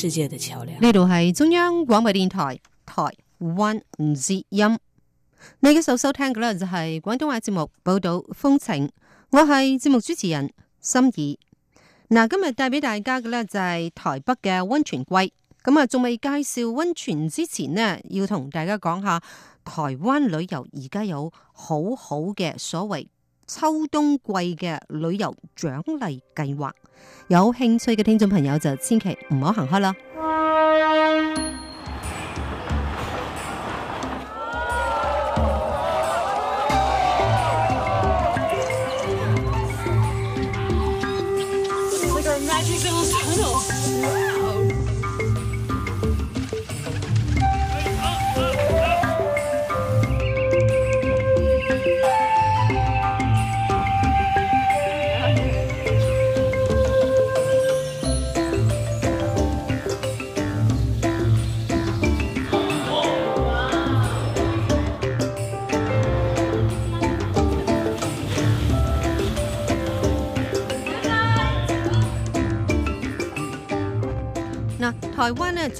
世界的橋樑。呢度係中央廣播電台台灣之音，你嘅收收聽嘅呢，就係廣東話節目《寶島風情》，我係節目主持人心怡。嗱，今日帶俾大家嘅呢，就係台北嘅溫泉季。咁啊，仲未介紹溫泉之前呢，要同大家講下台灣旅遊而家有好好嘅所謂秋冬季嘅旅遊獎勵計劃。有興趣嘅聽眾朋友就千祈唔好行開啦。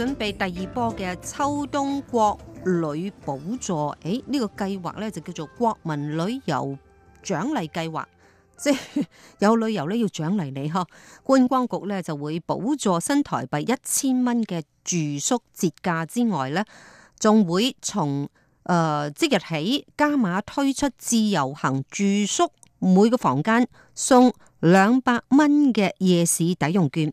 準備第二波嘅秋冬國旅補助，誒，呢個計劃咧就叫做國民旅遊獎勵計劃，即係有旅遊咧要獎勵你嗬，觀光局咧就會補助新台幣一千蚊嘅住宿折價之外咧，仲會從誒，即日起加碼推出自由行住宿每個房間送兩百蚊嘅夜市抵用券。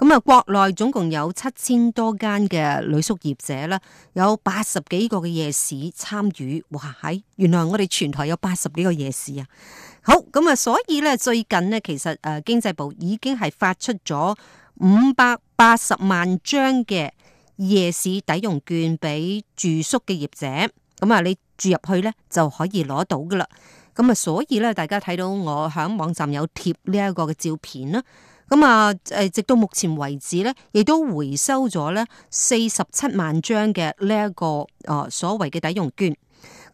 咁啊，國內總共有七千多間嘅旅宿業者啦，有八十幾個嘅夜市參與。哇，喺原來我哋全台有八十幾個夜市啊！好，咁啊，所以咧，最近呢，其實誒，經濟部已經係發出咗五百八十萬張嘅夜市抵用券俾住宿嘅業者。咁啊，你住入去咧就可以攞到噶啦。咁啊，所以咧，大家睇到我喺網站有貼呢一個嘅照片啦。咁啊，誒，直到目前為止咧，亦都回收咗咧四十七萬張嘅呢一個誒所謂嘅抵用券。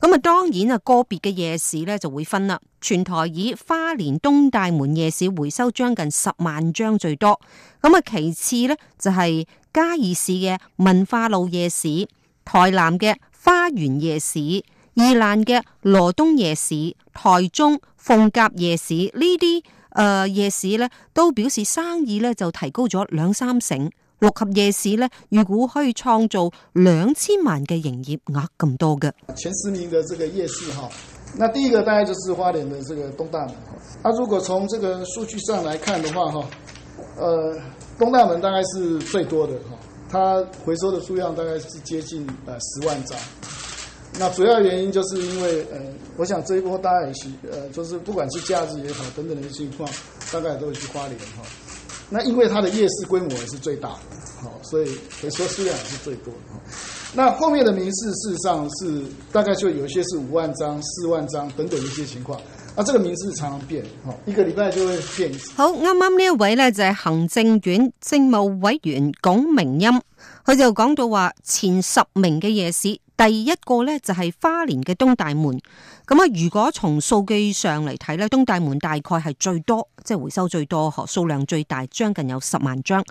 咁啊，當然啊，個別嘅夜市咧就會分啦。全台以花蓮東大門夜市回收將近十萬張最多。咁啊，其次咧就係嘉義市嘅文化路夜市、台南嘅花園夜市、宜蘭嘅羅東夜市、台中逢甲夜市呢啲。誒、呃、夜市咧都表示生意咧就提高咗兩三成，六合夜市咧預估可以創造兩千萬嘅營業額咁多嘅。前十名嘅這個夜市哈，那第一個大概就是花蓮嘅這個東大門。啊，如果從這個數據上來看嘅話，哈、呃，誒東大門大概是最多的哈，它回收的數量大概是接近誒十萬張。那主要原因就是因為，呃我想這一波大家也是、呃，就是不管是假日也好，等等的情況，大概都會去花蓮哈。那因為它的夜市規模也是最大的，好，所以可以說數量也是最多的。那後面的名次事實上是大概就有些是五萬張、四萬張等等一些情況。那這個名次常常變，一個禮拜就會變一次。好，啱啱呢一位呢就係、是、行政院政務委員龔明鑫，佢就講到話前十名嘅夜市。第一個咧就係花蓮嘅東大門，咁啊如果從數據上嚟睇咧，東大門大概係最多，即係回收最多嗬，數量最大，將近有十萬張。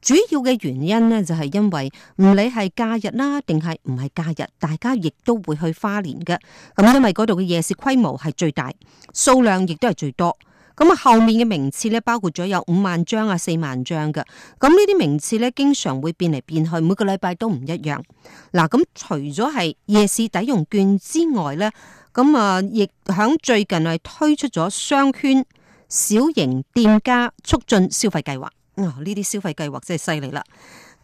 主要嘅原因咧就係因為唔理係假日啦，定係唔係假日，大家亦都會去花蓮嘅。咁因為嗰度嘅夜市規模係最大，數量亦都係最多。咁後面嘅名次咧，包括咗有五萬張啊，四萬張嘅。咁呢啲名次咧，經常會變嚟變去，每個禮拜都唔一樣。嗱，咁除咗係夜市抵用券之外咧，咁啊，亦響最近係推出咗商圈小型店家促進消費計劃。啊、哦，呢啲消費計劃真係犀利啦！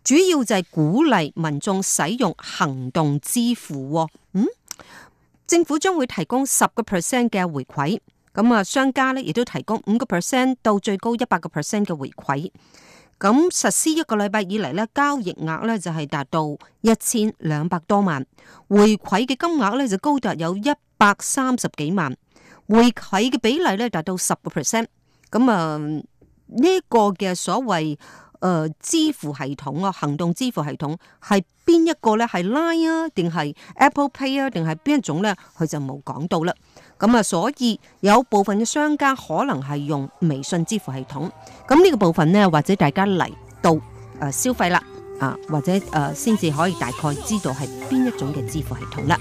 主要就係鼓勵民眾使用行動支付。嗯，政府將會提供十個 percent 嘅回饋。咁啊，商家咧亦都提供五個 percent 到最高一百個 percent 嘅回饋。咁實施一個禮拜以嚟咧，交易額咧就係達到一千兩百多萬，回饋嘅金額咧就高達有一百三十幾萬，回饋嘅比例咧達到十個 percent。咁啊，呢個嘅所謂誒支付系統啊，行動支付系統係邊一個咧？係 Line 啊，定係 Apple Pay 啊，定係邊一種咧？佢就冇講到啦。咁啊，所以有部分嘅商家可能係用微信支付系統，咁呢個部分呢，或者大家嚟到誒消費啦，啊，啊或者誒先至可以大概知道係邊一種嘅支付系統啦。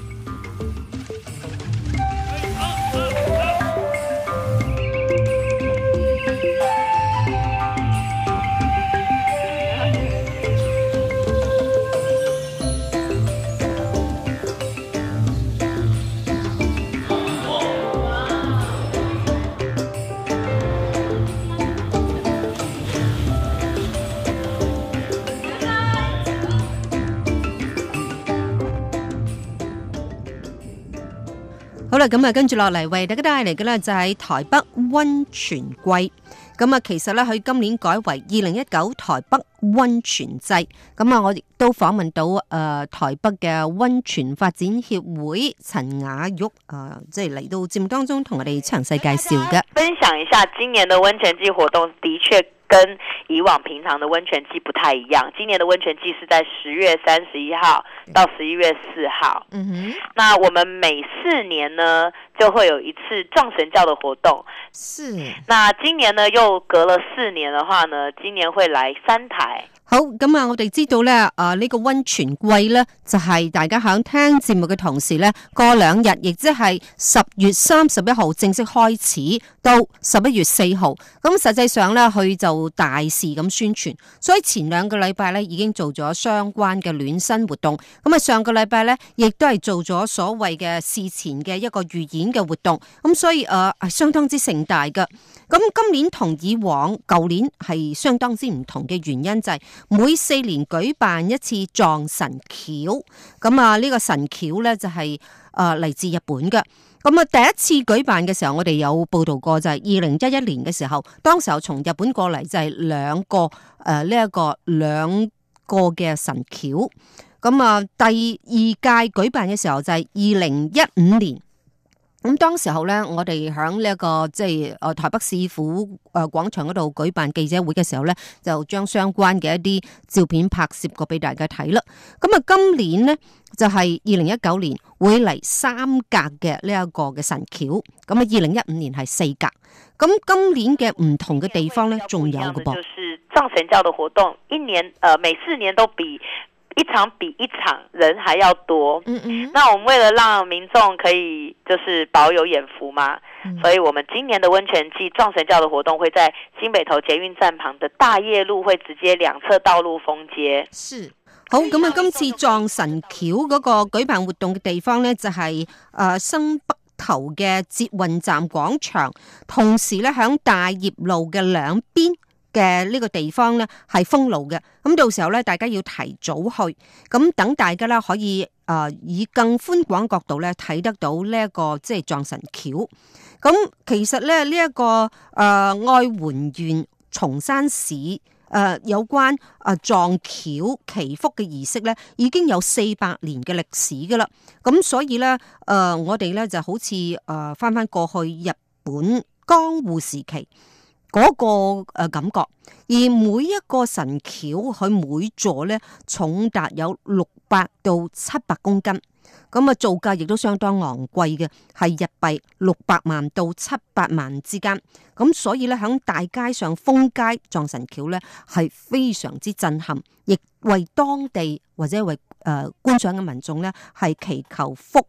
咁啊，跟住落嚟為大家帶嚟嘅呢，就係台北溫泉季。咁啊，其實呢，佢今年改為二零一九台北溫泉季。咁啊，我亦都訪問到誒台北嘅溫泉發展協會陳雅玉啊，即係嚟到節目當中同我哋詳細介紹嘅，分享一下今年嘅溫泉季活動，的確。跟以往平常的溫泉季不太一樣，今年的溫泉季是在十月三十一號到十一月四號。嗯哼，那我們每四年呢，就會有一次撞神轎的活動，是。那今年呢，又隔了四年的話呢，今年會來三台。好，咁啊，我哋知道咧，啊呢個温泉季咧，就係大家響聽節目嘅同時咧，過兩日，亦即係十月三十一號正式開始到十一月四號。咁實際上咧，佢就大肆咁宣傳，所以前兩個禮拜咧已經做咗相關嘅暖身活動。咁啊，上個禮拜咧，亦都係做咗所謂嘅事前嘅一個預演。嘅活動咁、嗯，所以誒係、啊、相當之盛大嘅。咁、嗯、今年同以往舊年係相當之唔同嘅原因，就係每四年舉辦一次撞神橋咁、嗯、啊。呢、這個神橋咧就係誒嚟自日本嘅。咁、嗯、啊，第一次舉辦嘅時候，我哋有報道過就係二零一一年嘅時候，當時候從日本過嚟就係兩個誒呢一個兩個嘅神橋咁、嗯、啊。第二屆舉辦嘅時候就係二零一五年。咁當時候咧，我哋喺呢一個即係，誒台北市府誒廣場嗰度舉辦記者會嘅時候咧，就將相關嘅一啲照片拍攝過俾大家睇啦。咁啊，今年呢，就係二零一九年會嚟三格嘅呢一個嘅神轎。咁啊，二零一五年係四格。咁今年嘅唔同嘅地方咧，仲有嘅噃，就是撞神轎嘅活動一年年每四年都比。一場比一場人還要多。嗯嗯，那我們為了讓民眾可以就是飽有眼福嘛，嗯，所以我們今年的溫泉季撞神轎的活動會在新北投捷運站旁的大業路會直接兩側道路封街。是。好，咁啊，今次撞神轎嗰個舉辦活動嘅地方呢，就是，就係誒新北投嘅捷運站廣場，同時咧響大業路嘅兩邊。嘅呢個地方咧係封路嘅，咁到時候咧大家要提早去，咁等大家啦可以啊、呃、以更寬廣角度咧睇得到呢一個即係撞神轎。咁其實咧呢一個誒、呃、愛媛縣松山市誒、呃、有關誒撞轎祈福嘅儀式咧已經有四百年嘅歷史噶啦，咁所以咧誒、呃、我哋咧就好似誒返返過去日本江戶時期。嗰個誒感覺，而每一個神轎佢每座咧，重達有六百到七百公斤，咁啊造價亦都相當昂貴嘅，係日幣六百萬到七百萬之間，咁所以咧喺大街上封街撞神轎咧，係非常之震撼，亦為當地或者為誒觀賞嘅民眾咧係祈求福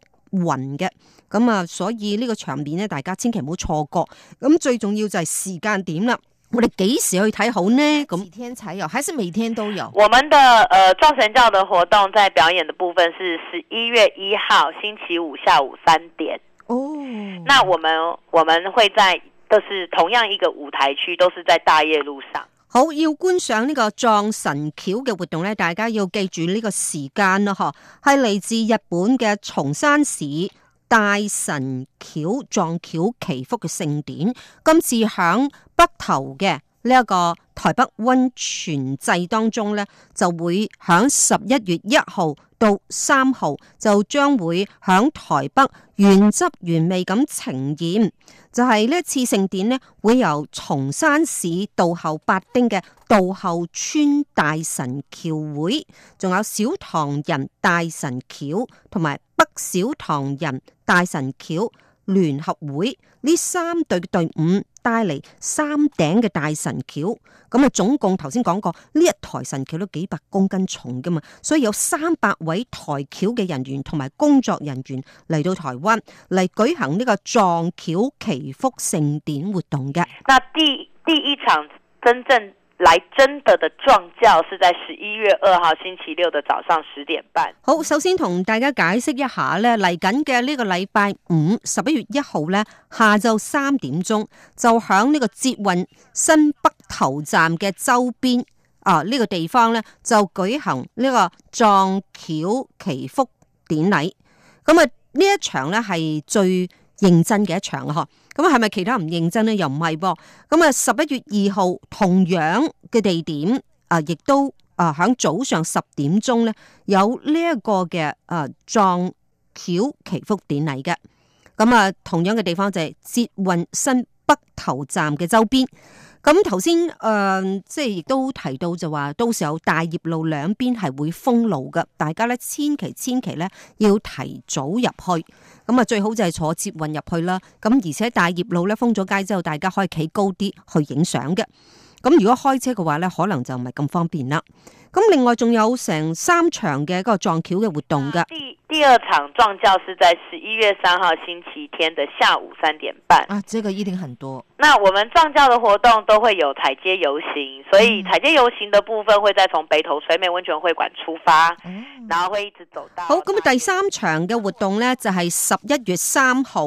嘅，咁啊，所以呢個場面呢，大家千祈唔好錯過。咁最重要就係時間點啦，我哋幾時去睇好呢？咁天才有，還是每天都有？我們的誒撞，呃、神轎的活動，在表演的部分是十一月一號星期五下午三點。哦，oh.，那我們我們會在都是同樣一個舞台區，都是在大業路上。好，要觀賞呢個撞神轎嘅活動咧，大家要記住呢個時間啦，嗬，係嚟自日本嘅松山市大神轎撞轎祈福嘅盛典，今次響北投嘅。呢、這、一個台北溫泉季當中呢，就會喺十一月一號到三號就將會喺台北原汁原味咁呈現。就係呢一次盛典呢，會由松山市道後八丁嘅道後村大神轎會，仲有小唐人大神轎同埋北小唐人大神轎聯合會呢三隊嘅隊伍。帶嚟三頂嘅大神轎，咁啊總共頭先講過呢一台神轎都幾百公斤重噶嘛，所以有三百位抬轎嘅人員同埋工作人員嚟到台灣嚟舉行呢個撞轎祈福聖典活動嘅。嗱，第第一場真正。來真的的撞轎是在十一月二號星期六的早上十點半。好，首先同大家解釋一下咧，嚟緊嘅呢個禮拜五十一月一號咧下晝三點鐘就響呢個捷運新北投站嘅周邊啊呢，呢個地方咧就舉行呢個撞轎祈福典禮。咁啊呢一場咧係最認真嘅一場啦咁啊，係咪其他唔認真咧？又唔係噃。咁啊，十一月二號同樣嘅地點啊，亦都啊喺早上十點鐘咧，有呢一個嘅啊撞轎祈福典禮嘅。咁啊，同樣嘅地方就係捷運新北投站嘅周邊。咁頭先誒，即係亦都提到就話，到時候大業路兩邊係會封路㗎。大家咧，千祈千祈咧要提早入去，咁啊最好就係坐捷運入去啦。咁而且大業路咧封咗街之後，大家可以企高啲去影相嘅。咁如果開車嘅話咧，可能就唔係咁方便啦。咁另外仲有成三場嘅一個撞轎嘅活動噶。第二場撞轎是在十一月三號星期天的下午三點半。啊，這個一定很多。那我們撞轎嘅活動都會有踩街遊行，所以踩街遊行嘅部分會再從北投水美溫泉會館出發，嗯，然後會一直走到。好，咁第三場嘅活動呢，就係十一月三號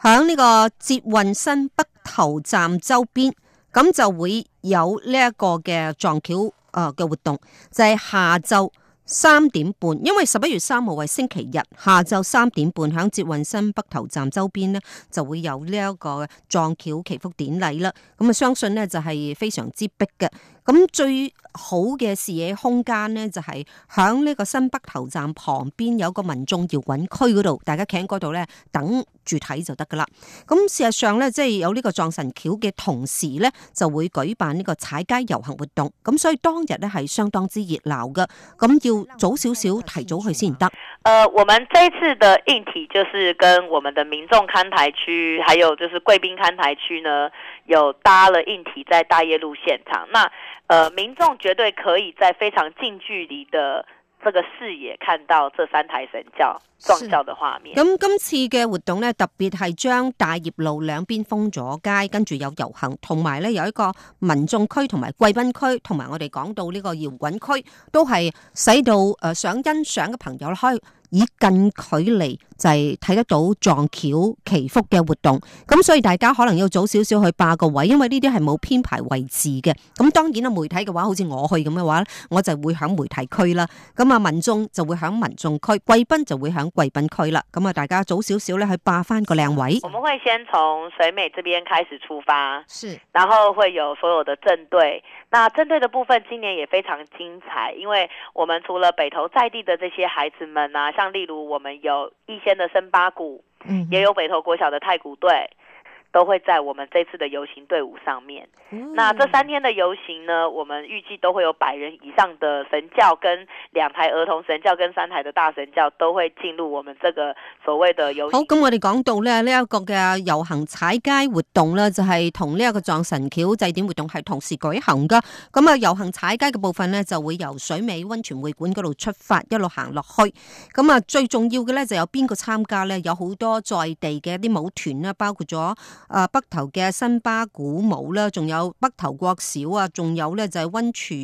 響呢個捷運新北投站周邊。咁就會有呢一個嘅撞轎啊嘅活動，就係、是、下晝三點半，因為十一月三號係星期日，下晝三點半喺捷運新北投站周邊咧，就會有呢一個撞轎祈福典禮啦。咁啊，相信咧就係非常之逼嘅。咁最好嘅視野空間呢，就係喺呢個新北投站旁邊有個民眾搖滾區嗰度，大家企喺嗰度呢，等住睇就得噶啦。咁事實上呢，即係有呢個撞神轎嘅同時呢，就會舉辦呢個踩街遊行活動。咁所以當日呢，係相當之熱鬧嘅。咁要早少少提早去先得。呃，我們這次的硬體就是跟我們的民眾看台區，還有就是貴賓看台區呢，有搭了硬體在大業路現場。那呃，民眾絕對可以在非常近距離的這個視野看到這三台神轎撞轎的畫面。咁今次嘅活動咧，特別係將大業路兩邊封咗街，跟住有遊行，同埋咧有一個民眾區，同埋貴賓區，同埋我哋講到呢個搖滾區，都係使到誒想欣賞嘅朋友開。以近距離就係睇得到撞轎祈福嘅活動，咁所以大家可能要早少少去霸個位，因為呢啲係冇編排位置嘅。咁當然啦，媒體嘅話，好似我去咁嘅話，我就會響媒體區啦。咁啊，民眾就會響民眾區，貴賓就會響貴賓區啦。咁啊，大家早少少咧去霸翻個靚位。我們會先從水美這邊開始出發，是，然後會有所有的正隊。那正隊嘅部分今年也非常精彩，因為我們除了北投在地的這些孩子們啊。像例如，我們有逸仙的森巴鼓，嗯，也有北投國小的太鼓隊。都會在我們這次的遊行隊伍上面。嗱，這三天的遊行呢，我們預計都會有百人以上的神轎跟兩台兒童神轎跟三台的大神轎都會進入我們這個所謂的遊行。好，咁我哋講到咧呢一、這個嘅遊行踩街活動呢，就係同呢一個撞神轎祭典活動係同時舉行噶。咁、嗯、啊，遊行踩街嘅部分呢，就會由水美溫泉會館嗰度出發，一路行落去。咁、嗯、啊，最重要嘅呢，就有邊個參加呢？有好多在地嘅一啲舞團啦，包括咗。啊！北投嘅辛巴古舞啦，仲有北投國小啊，仲有咧就係溫泉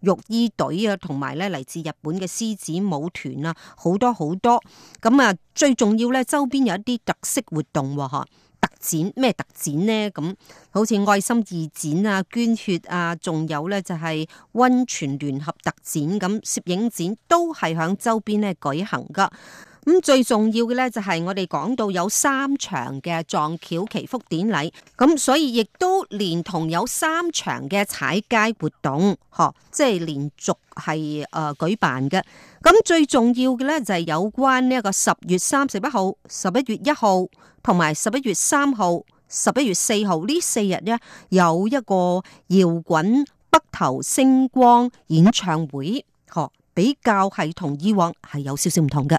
浴衣隊啊，同埋咧嚟自日本嘅獅子舞團啊，好多好多。咁啊，最重要咧，周邊有一啲特色活動，吓特展咩特展呢？咁好似愛心義展啊，捐血啊，仲有咧就係溫泉聯合特展，咁攝影展都係響周邊咧舉行噶。咁最重要嘅咧，就係我哋講到有三場嘅撞轎祈福典禮，咁所以亦都連同有三場嘅踩街活動，嗬，即係連續係誒舉辦嘅。咁最重要嘅咧，就係有關呢一個十月三十一號、十一月一號同埋十一月三號、十一月四號呢四日呢，有一個搖滾北投星光演唱會，比較係同以往係有少少唔同嘅。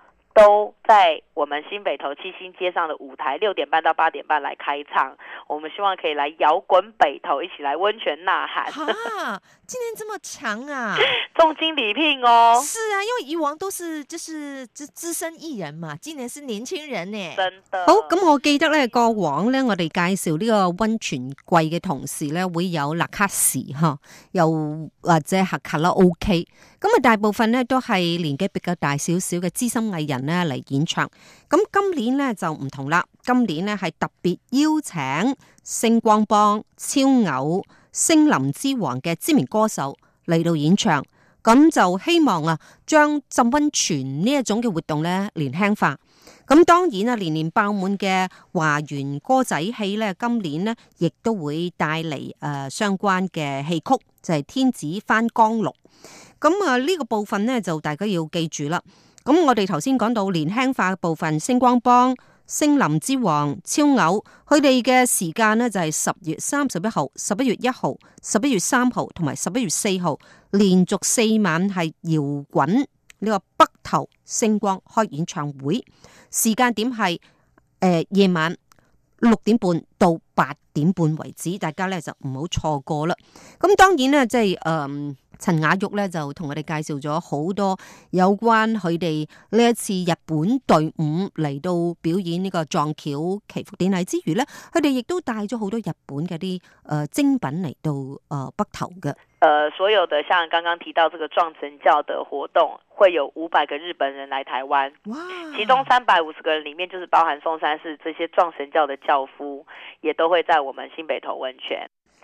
都在我們新北投七星街上的舞台，六點半到八點半來開唱。我們希望可以來搖滾北投，一起來溫泉吶喊。 啊，今年這麼強啊，重金禮聘哦。是啊，因為以往都是就是資資深藝人嘛，今年是年輕人呢。真的。好，咁、嗯嗯嗯、我記得咧，過往咧，我哋介紹呢個溫泉季嘅同時咧，會有那卡西呵，又或者係卡拉 O K。咁啊，大部分咧都係年紀比較大少少嘅資深藝人咧嚟演唱。咁今年呢就唔同啦，今年咧係特別邀請星光幫、超偶、聲林之王嘅知名歌手嚟到演唱。咁就希望啊，將浸溫泉呢一種嘅活動咧年輕化。咁當然啊，年年爆滿嘅華園歌仔戲咧，今年咧亦都會帶嚟誒相關嘅戲曲，就係、是《天子翻江錄》。咁啊，呢個部分咧就大家要記住啦。咁我哋頭先講到年輕化嘅部分，星光幫、聲林之王、超偶，佢哋嘅時間呢，就係、是、十月三十一號、十一月一號、十一月三號同埋十一月四號，連續四晚係搖滾呢個北投星光開演唱會，時間點係誒、呃、夜晚六點半到八點半為止，大家咧就唔好錯過啦。咁當然呢，即係誒。呃陳雅玉咧就同我哋介紹咗好多有關佢哋呢一次日本隊伍嚟到表演呢個撞轎祈福典禮之馀呢，佢哋亦都帶咗好多日本嘅啲誒精品嚟到誒、呃、北投嘅。誒、呃，所有的像剛剛提到這個撞神轎的活動，會有五百個日本人來台灣，其中三百五十個人裏面，就是包含松山市。這些撞神轎的轎夫，也都會在我們新北投温泉。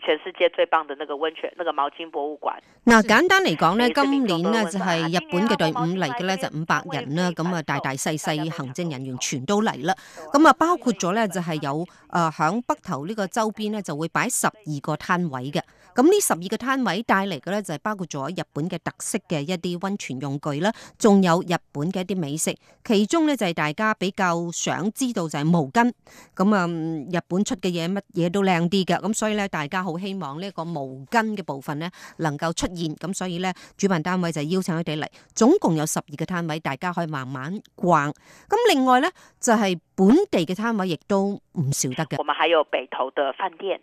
全世界最棒的那個溫泉，那個毛巾博物館。嗱，簡單嚟講咧，今年咧就係日本嘅隊伍嚟嘅咧，就五百人啦，咁啊，大大細細行政人員全都嚟啦，咁啊，包括咗咧就係有誒響北投呢個周邊咧，就會擺十二個攤位嘅。咁呢十二個攤位帶嚟嘅咧，就係包括咗日本嘅特色嘅一啲溫泉用具啦，仲有日本嘅一啲美食。其中咧就係大家比較想知道就係毛巾。咁啊，日本出嘅嘢乜嘢都靚啲嘅。咁所以咧，大家好希望呢個毛巾嘅部分咧能夠出現。咁所以咧，主辦單位就邀請佢哋嚟，總共有十二個攤位，大家可以慢慢逛。咁另外咧就係本地嘅攤位，亦都唔少得嘅。我們還有北投的飯店。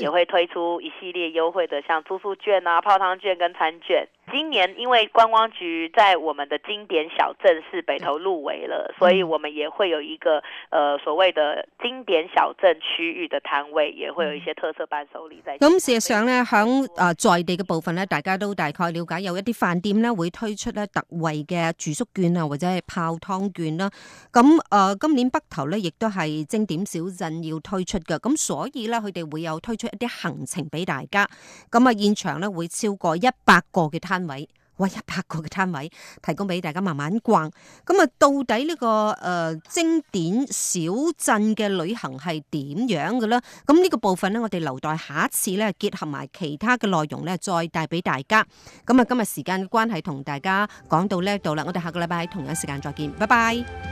也會推出一系列優惠的，像住宿券啊、泡湯券跟餐券。今年因為觀光局在我們的經典小鎮是北投入圍了，所以我們也會有一個，呃、所謂的經典小鎮區域的攤位，也會有一些特色伴手禮。在、嗯、咁事實上咧，響誒在地嘅部分咧，大家都大概了解，有一啲飯店咧會推出咧特惠嘅住宿券啊，或者係泡湯券啦。咁、呃、今年北投咧亦都係經典小鎮要推出嘅，咁所以咧佢哋會有。推出一啲行程俾大家，咁啊現場咧會超過一百個嘅攤位，哇一百個嘅攤位提供俾大家慢慢逛，咁啊到底呢、這個誒經、呃、典小鎮嘅旅行係點樣嘅呢？咁、這、呢個部分呢，我哋留待下一次咧結合埋其他嘅內容咧再帶俾大家。咁啊今日時間嘅關係同大家講到呢度啦，我哋下個禮拜喺同樣時間再見，拜拜。